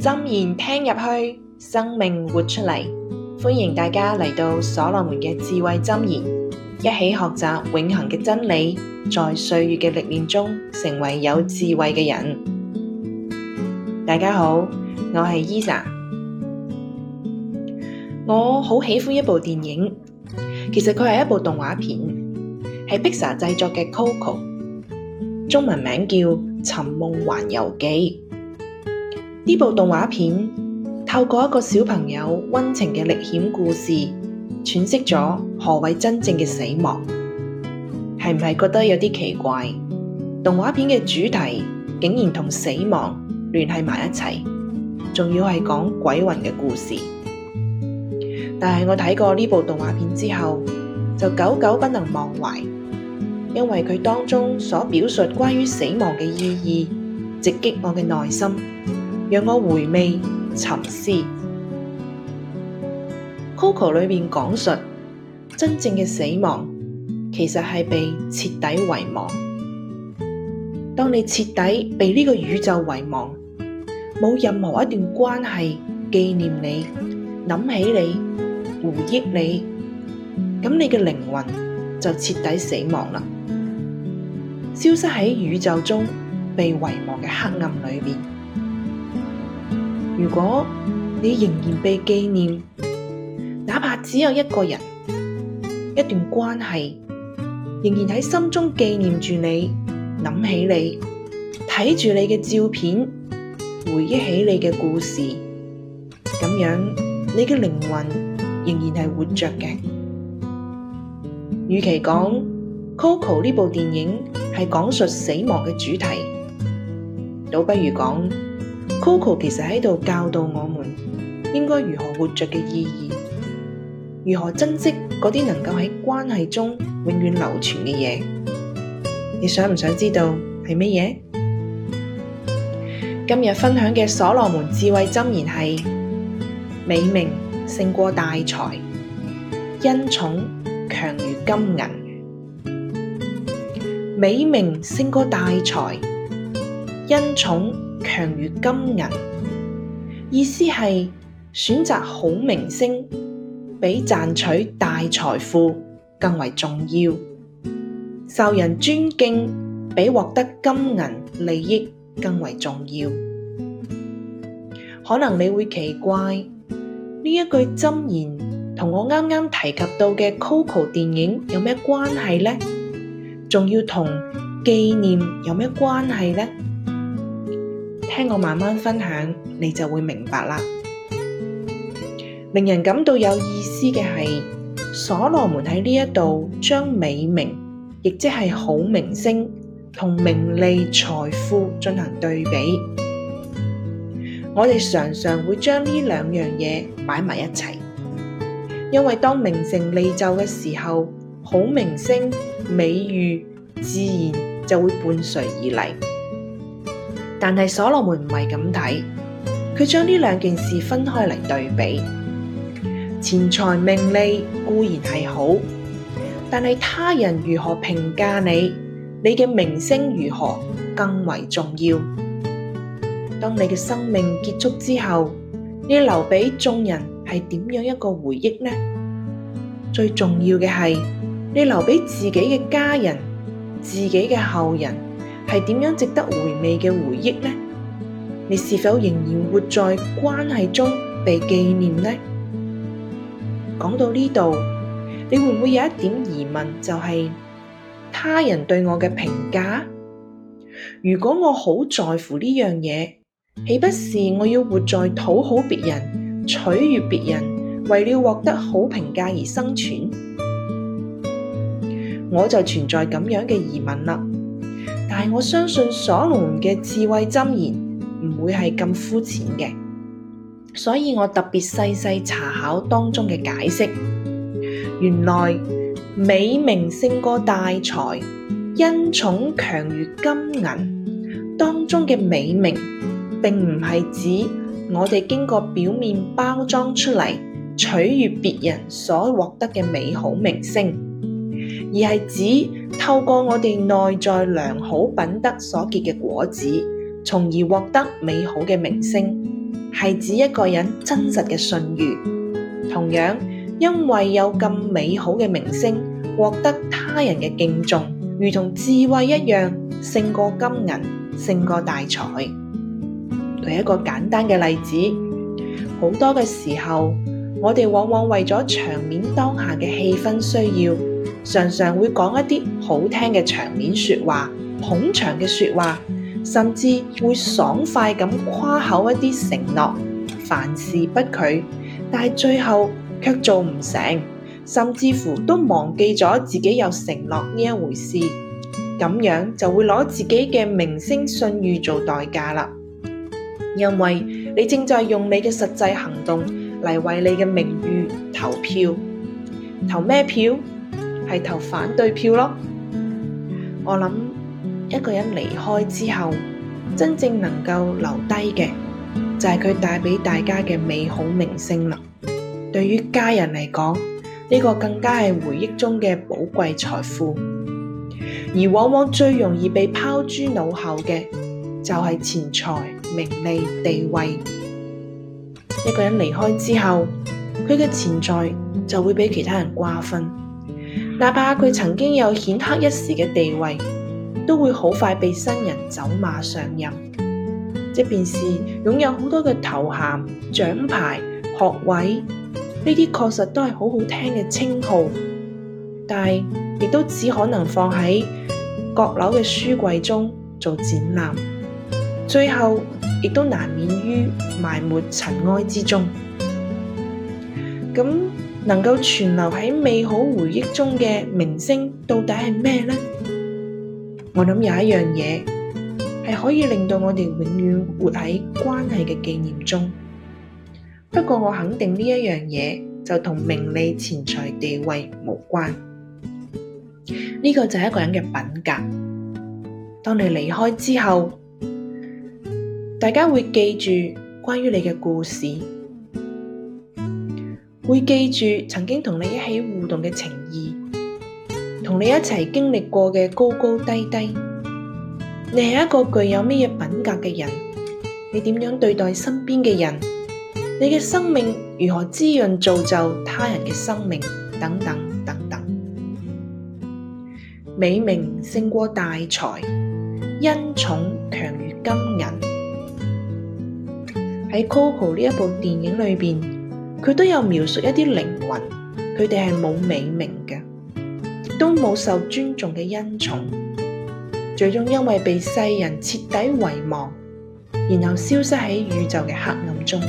箴言聽入去，生命活出嚟。歡迎大家嚟到所羅門嘅智慧箴言，一起學習永恆嘅真理，在歲月嘅歷練中，成為有智慧嘅人。大家好，我係伊莎。我好喜歡一部電影，其實佢係一部動畫片，係 Pixar 製作嘅《Coco》，中文名叫《尋夢環遊記》。呢部動畫片透過一個小朋友溫情嘅歷險故事，詮釋咗何為真正嘅死亡。係唔係覺得有啲奇怪？動畫片嘅主題竟然同死亡聯繫埋一齊，仲要係講鬼魂嘅故事。但係我睇過呢部動畫片之後，就久久不能忘懷，因為佢當中所表述關於死亡嘅意義，直擊我嘅內心。讓我回味、沉思。Coco CO 裏面講述，真正嘅死亡，其實係被徹底遺忘。當你徹底被呢個宇宙遺忘，冇任何一段關係紀念你、諗起你、回憶你，咁你嘅靈魂就徹底死亡啦，消失喺宇宙中被遺忘嘅黑暗裏面。如果你仍然被紀念，哪怕只有一個人、一段關係，仍然喺心中紀念住你，諗起你，睇住你嘅照片，回憶起你嘅故事，咁樣你嘅靈魂仍然係活着嘅。與其講《Coco》呢部電影係講述死亡嘅主題，倒不如講。Coco 其實喺度教導我們應該如何活着嘅意義，如何珍惜嗰啲能夠喺關係中永遠流傳嘅嘢。你想唔想知道係乜嘢？今日分享嘅所羅門智慧箴言係：美名勝過大財，恩寵強如金銀。美名勝過大財，恩寵。強如金銀，意思係選擇好名聲比賺取大財富更為重要；受人尊敬，比獲得金銀利益更為重要。可能你會奇怪，呢一句箴言同我啱啱提及到嘅 Coco 電影有咩關係呢？仲要同紀念有咩關係呢？聽我慢慢分享，你就會明白啦。令人感到有意思嘅係，所羅門喺呢一度將美名，亦即係好名聲，同名利財富進行對比。我哋常常會將呢兩樣嘢擺埋一齊，因為當名成利就嘅時候，好名聲、美譽自然就會伴隨而嚟。但係所羅門唔係咁睇，佢將呢兩件事分開嚟對比。錢財名利固然係好，但係他人如何評價你，你嘅名聲如何更為重要。當你嘅生命結束之後，你留俾眾人係點樣一個回憶呢？最重要嘅係你留俾自己嘅家人、自己嘅後人。係點樣值得回味嘅回憶呢？你是否仍然活在關係中被紀念呢？講到呢度，你會唔會有一點疑問？就係他人對我嘅評價。如果我好在乎呢樣嘢，豈不是我要活在討好別人，取悦別人，為了獲得好評價而生存？我就存在咁樣嘅疑問啦。但我相信所羅門嘅智慧箴言唔會係咁膚淺嘅，所以我特別細細查考當中嘅解釋。原來美名勝過大財，恩寵強如金銀。當中嘅美名，並唔係指我哋經過表面包裝出嚟，取悅別人所獲得嘅美好名聲。而係指透過我哋內在良好品德所結嘅果子，從而獲得美好嘅名聲，係指一個人真實嘅信譽。同樣，因為有咁美好嘅名聲，獲得他人嘅敬重，如同智慧一樣，勝過金銀，勝過大財。舉一個簡單嘅例子，好多嘅時候，我哋往往為咗場面當下嘅氣氛需要。常常會講一啲好聽嘅場面說話，捧場嘅說話，甚至會爽快咁誇口一啲承諾，凡事不拒，但係最後卻做唔成，甚至乎都忘記咗自己有承諾呢一回事，咁樣就會攞自己嘅名聲信譽做代價啦。因為你正在用你嘅實際行動嚟為你嘅名譽投票，投咩票？係投反對票咯。我諗一個人離開之後，真正能夠留低嘅就係、是、佢帶俾大家嘅美好名聲啦。對於家人嚟講，呢、這個更加係回憶中嘅寶貴財富。而往往最容易被拋諸腦後嘅就係、是、錢財、名利、地位。一個人離開之後，佢嘅錢財就會俾其他人瓜分。哪怕佢曾經有顯赫一時嘅地位，都會好快被新人走馬上任。即便是擁有好多嘅頭銜、獎牌、學位，呢啲確實都係好好聽嘅稱號，但係亦都只可能放喺閣樓嘅書櫃中做展覽，最後亦都難免於埋沒塵埃之中。咁。能夠存留喺美好回憶中嘅名聲到底係咩呢？我諗有一樣嘢，係可以令到我哋永遠活喺關係嘅紀念中。不過我肯定呢一樣嘢就同名利錢財地位無關。呢、這個就係一個人嘅品格。當你離開之後，大家會記住關於你嘅故事。會記住曾經同你一起互動嘅情誼，同你一齊經歷過嘅高高低低。你係一個具有咩品格嘅人？你點樣對待身邊嘅人？你嘅生命如何滋潤造就他人嘅生命？等等等等。美名勝過大財，恩寵強如金銀。喺 Coco 呢部電影裏面。佢都有描述一啲靈魂，佢哋係冇美名嘅，都冇受尊重嘅恩寵，最終因為被世人徹底遺忘，然後消失喺宇宙嘅黑暗中。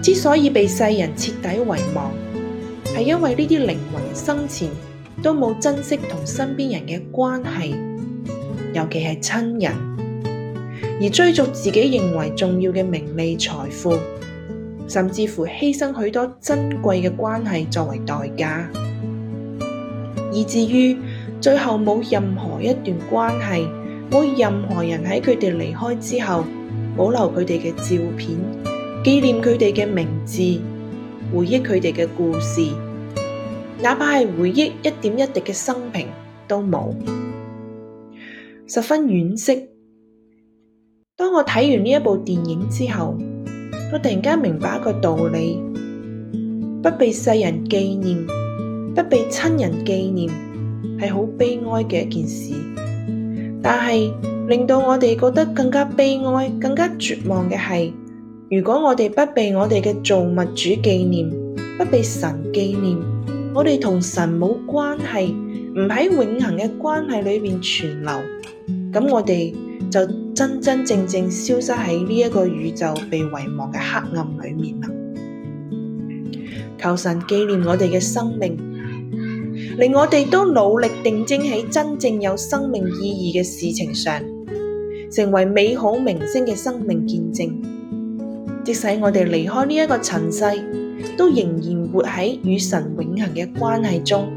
之所以被世人徹底遺忘，係因為呢啲靈魂生前都冇珍惜同身邊人嘅關係，尤其係親人，而追逐自己認為重要嘅名利財富。甚至乎犧牲許多珍貴嘅關係作為代價，以至於最後冇任何一段關係，冇任何人喺佢哋離開之後保留佢哋嘅照片，紀念佢哋嘅名字，回憶佢哋嘅故事，哪怕係回憶一點一滴嘅生平都冇，十分惋惜。當我睇完呢一部電影之後。我突然間明白一個道理，不被世人紀念，不被親人紀念，係好悲哀嘅一件事。但係令到我哋覺得更加悲哀、更加絕望嘅係，如果我哋不被我哋嘅造物主紀念，不被神紀念，我哋同神冇關係，唔喺永恒嘅關係裏邊存留，咁我哋就真真正正消失喺呢一個宇宙被遺忘嘅黑暗裏面啦。求神紀念我哋嘅生命，令我哋都努力定睛喺真正有生命意義嘅事情上，成為美好名聲嘅生命見證。即使我哋離開呢一個塵世，都仍然活喺與神永恒嘅關係中，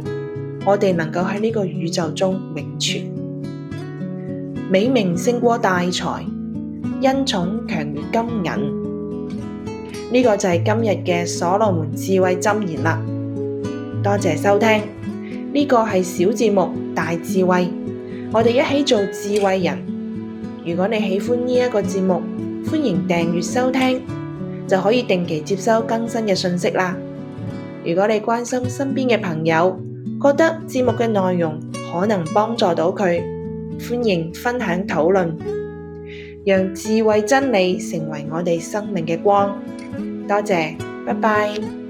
我哋能夠喺呢個宇宙中永存。美名勝過大財，恩寵強於金銀。呢個就係今日嘅所羅門智慧箴言啦。多謝收聽，呢個係小節目，大智慧，我哋一起做智慧人。如果你喜歡呢一個節目，歡迎訂閱收聽，就可以定期接收更新嘅信息啦。如果你關心身邊嘅朋友，覺得節目嘅內容可能幫助到佢。歡迎分享討論，讓智慧真理成為我哋生命嘅光。多謝，拜拜。